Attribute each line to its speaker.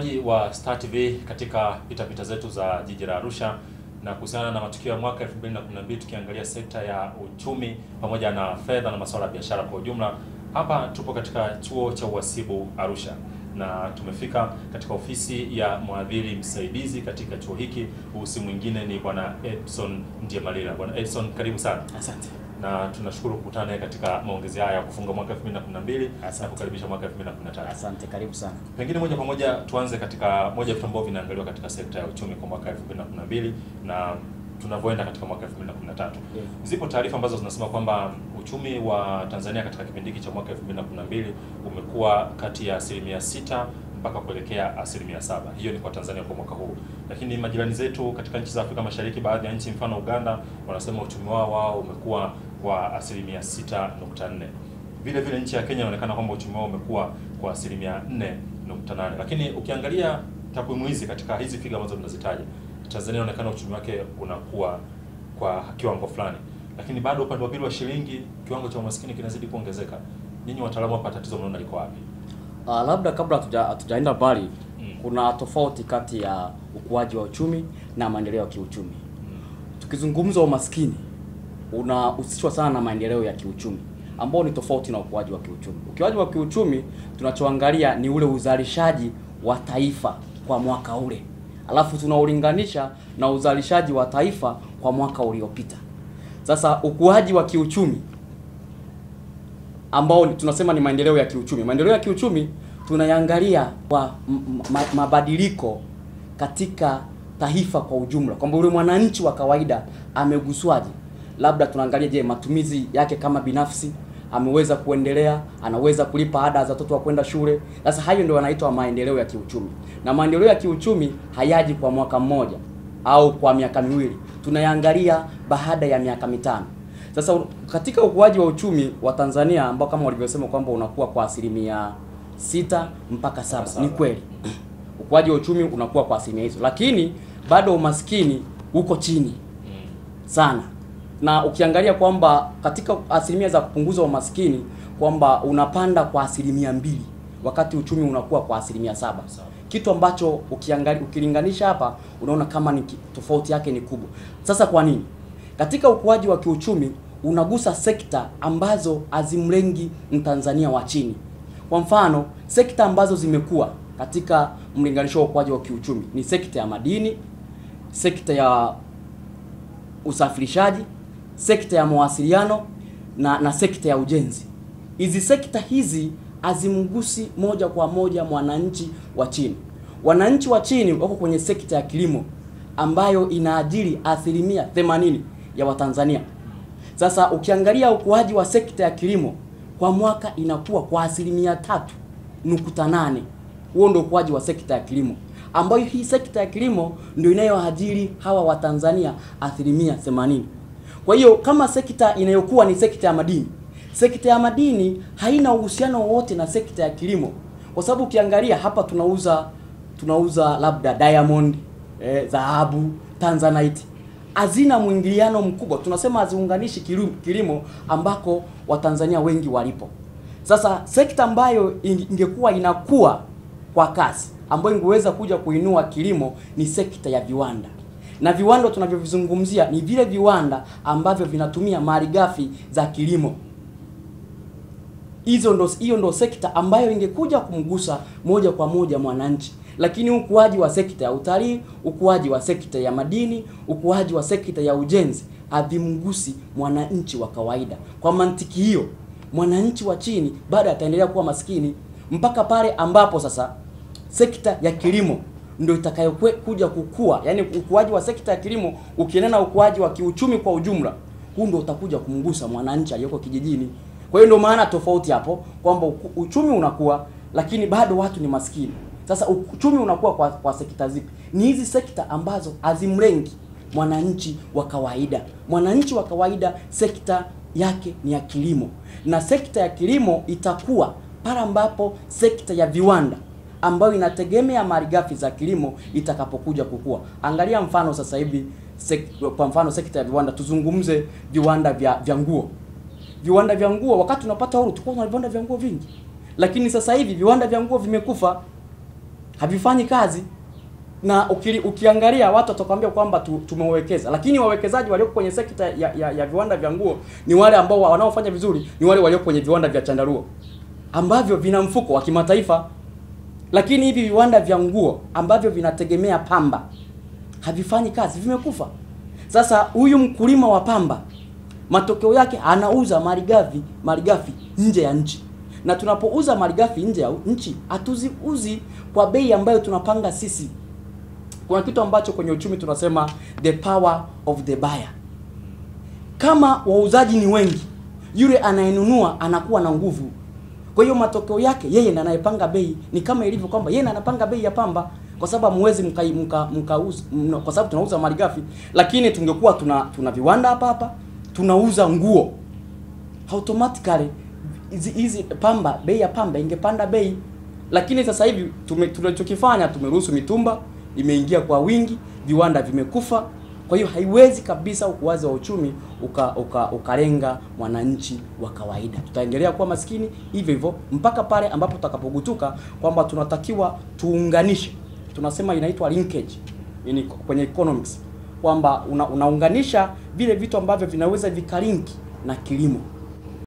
Speaker 1: Mtazamaji wa Star TV katika pitapita zetu za jiji la Arusha na kuhusiana na matukio ya mwaka 2012 tukiangalia sekta ya uchumi pamoja na fedha na masuala ya biashara kwa ujumla. Hapa tupo katika chuo cha uhasibu Arusha na tumefika katika ofisi ya mwadhiri msaidizi katika chuo hiki. Uhusi mwingine ni bwana Edson Ndiamalila. Bwana Edson, karibu sana. Asante na tunashukuru kukutana naye katika maongezi haya ya kufunga mwaka 2012 na kukaribisha mwaka 2013. Asante, karibu sana. Pengine moja kwa moja tuanze katika moja vitu ambavyo vinaangaliwa katika sekta ya uchumi kwa mwaka 2012 na tunavyoenda katika mwaka 2013. Yeah. Zipo taarifa ambazo zinasema kwamba uchumi wa Tanzania katika kipindi hiki cha mwaka 2012 umekuwa kati ya asilimia sita mpaka kuelekea asilimia saba. Hiyo ni kwa Tanzania kwa mwaka huu, lakini majirani zetu katika nchi za Afrika Mashariki, baadhi ya nchi mfano Uganda, wanasema uchumi wao wao umekuwa kwa asilimia 6.4. Vile vile nchi ya Kenya inaonekana kwamba uchumi wao umekuwa kwa asilimia 4.8, lakini ukiangalia takwimu hizi katika hizi figa ambazo tunazitaja, Tanzania inaonekana uchumi wake unakuwa kwa kiwango fulani, lakini bado upande wa pili wa shilingi kiwango cha umaskini kinazidi kuongezeka. Ninyi wataalamu hapa, tatizo mnaona liko wapi?
Speaker 2: uh, labda kabla hatujaenda mbali mm. kuna tofauti kati ya ukuaji wa uchumi na maendeleo ya kiuchumi mm. tukizungumza umaskini unahusishwa sana na maendeleo ya kiuchumi ambao ni tofauti na ukuaji wa kiuchumi. Ukuaji wa kiuchumi tunachoangalia ni ule uzalishaji wa taifa kwa mwaka ule, alafu tunaulinganisha na uzalishaji wa taifa kwa mwaka uliopita. Sasa ukuaji wa kiuchumi ambao tunasema ni maendeleo ya kiuchumi. Maendeleo ya kiuchumi tunayangalia kwa mabadiliko katika taifa kwa ujumla, kwamba yule mwananchi wa kawaida ameguswaje. Labda tunaangalia, je, matumizi yake kama binafsi ameweza kuendelea, anaweza kulipa ada za watoto wa kwenda shule. Sasa hayo ndio yanaitwa maendeleo ya kiuchumi, na maendeleo ya kiuchumi hayaji kwa mwaka mmoja au kwa miaka miwili, tunayangalia baada ya miaka mitano. Sasa katika ukuaji wa uchumi wa Tanzania ambao kama walivyosema kwamba unakuwa kwa asilimia sita mpaka saba, ni kweli ukuaji wa uchumi unakuwa kwa asilimia hizo, lakini bado umaskini uko chini hmm. sana, na ukiangalia kwamba katika asilimia za kupunguza umaskini kwamba unapanda kwa asilimia mbili wakati uchumi unakuwa kwa asilimia saba kitu ambacho ukiangalia ukilinganisha hapa unaona kama ni tofauti yake ni kubwa. Sasa kwa nini? Katika ukuaji wa kiuchumi unagusa sekta ambazo hazimlengi Mtanzania wa chini. Kwa mfano, sekta ambazo zimekuwa katika mlinganisho wa ukuaji wa kiuchumi ni sekta ya madini, sekta ya usafirishaji, sekta ya mawasiliano na, na sekta ya ujenzi. Hizi sekta hizi hazimgusi moja kwa moja mwananchi wa chini. Wananchi wa chini wako kwenye sekta ya kilimo ambayo inaajiri asilimia 80 ya Watanzania. Sasa ukiangalia ukuaji wa sekta ya kilimo kwa mwaka inakuwa kwa asilimia tatu nukuta nane. Huo ndio ukuaji wa sekta ya kilimo, ambayo hii sekta ya kilimo ndio inayoajiri hawa Watanzania asilimia 80. Kwa hiyo kama sekta inayokuwa ni sekta ya madini, sekta ya madini haina uhusiano wowote na sekta ya kilimo, kwa sababu ukiangalia hapa tunauza tunauza labda diamond, eh, dhahabu, eh, tanzanite hazina mwingiliano mkubwa, tunasema haziunganishi kilimo ambako Watanzania wengi walipo. Sasa sekta ambayo ingekuwa inakuwa kwa kasi ambayo ingeweza kuja kuinua kilimo ni sekta ya viwanda, na viwanda tunavyovizungumzia ni vile viwanda ambavyo vinatumia malighafi za kilimo. Hizo ndo, hiyo ndo sekta ambayo ingekuja kumgusa moja kwa moja mwananchi. Lakini ukuaji wa sekta ya utalii, ukuaji wa sekta ya madini, ukuaji wa sekta ya ujenzi havimgusi mwananchi wa kawaida. Kwa mantiki hiyo, mwananchi wa chini bado ataendelea kuwa maskini mpaka pale ambapo sasa sekta ya kilimo ndio itakayokuja kukua. Yaani ukuaji wa sekta ya kilimo ukiendana na ukuaji wa kiuchumi kwa ujumla, huu ndio utakuja kumgusa mwananchi aliyoko kijijini. Kwa hiyo ndio maana tofauti hapo kwamba uchumi unakuwa, lakini bado watu ni maskini. Sasa uchumi unakuwa kwa, kwa sekta zipi? Ni hizi sekta ambazo hazimlengi mwananchi wa kawaida. Mwananchi wa kawaida sekta yake ni ya kilimo, na sekta ya kilimo itakuwa pale ambapo sekta ya viwanda ambayo inategemea malighafi za kilimo itakapokuja kukua. Angalia mfano sasa hivi sek, kwa mfano sekta ya viwanda, tuzungumze viwanda vya, vya nguo. Viwanda vya nguo, wakati tunapata uhuru tulikuwa na viwanda vya nguo vingi, lakini sasa hivi viwanda vya nguo vimekufa havifanyi kazi na ukili, ukiangalia watu watakwambia kwamba tumewekeza, lakini wawekezaji walioko kwenye sekta ya, ya, ya viwanda vya nguo ni wale ambao wanaofanya vizuri ni wale walioko kwenye viwanda vya chandarua ambavyo vina mfuko wa kimataifa, lakini hivi viwanda vya nguo ambavyo vinategemea pamba havifanyi kazi, vimekufa. Sasa huyu mkulima wa pamba, matokeo yake anauza malighafi malighafi nje ya nchi na tunapouza malighafi nje ya nchi hatuziuzi kwa bei ambayo tunapanga sisi. Kuna kitu ambacho kwenye uchumi tunasema the power of the buyer. Kama wauzaji ni wengi, yule anayenunua anakuwa na nguvu. Kwa hiyo matokeo yake yeye ndiye anayepanga bei, ni kama ilivyo kwamba yeye anapanga bei ya pamba kwa sababu mwezi mkai mka, mka uz, mna, kwa sababu tunauza malighafi, lakini tungekuwa tuna, tuna viwanda hapa hapa tunauza nguo automatically hizi pamba, bei ya pamba ingepanda bei, lakini sasa hivi tunachokifanya tumeruhusu mitumba imeingia kwa wingi, viwanda vimekufa. Kwa hiyo haiwezi kabisa ukuwazi wa uchumi uka, uka, ukalenga mwananchi wa kawaida. Tutaendelea kuwa maskini hivyo hivyo mpaka pale ambapo tutakapogutuka kwamba tunatakiwa tuunganishe, tunasema inaitwa linkage in, kwenye economics kwamba una, unaunganisha vile vitu ambavyo vinaweza vikalinki na kilimo.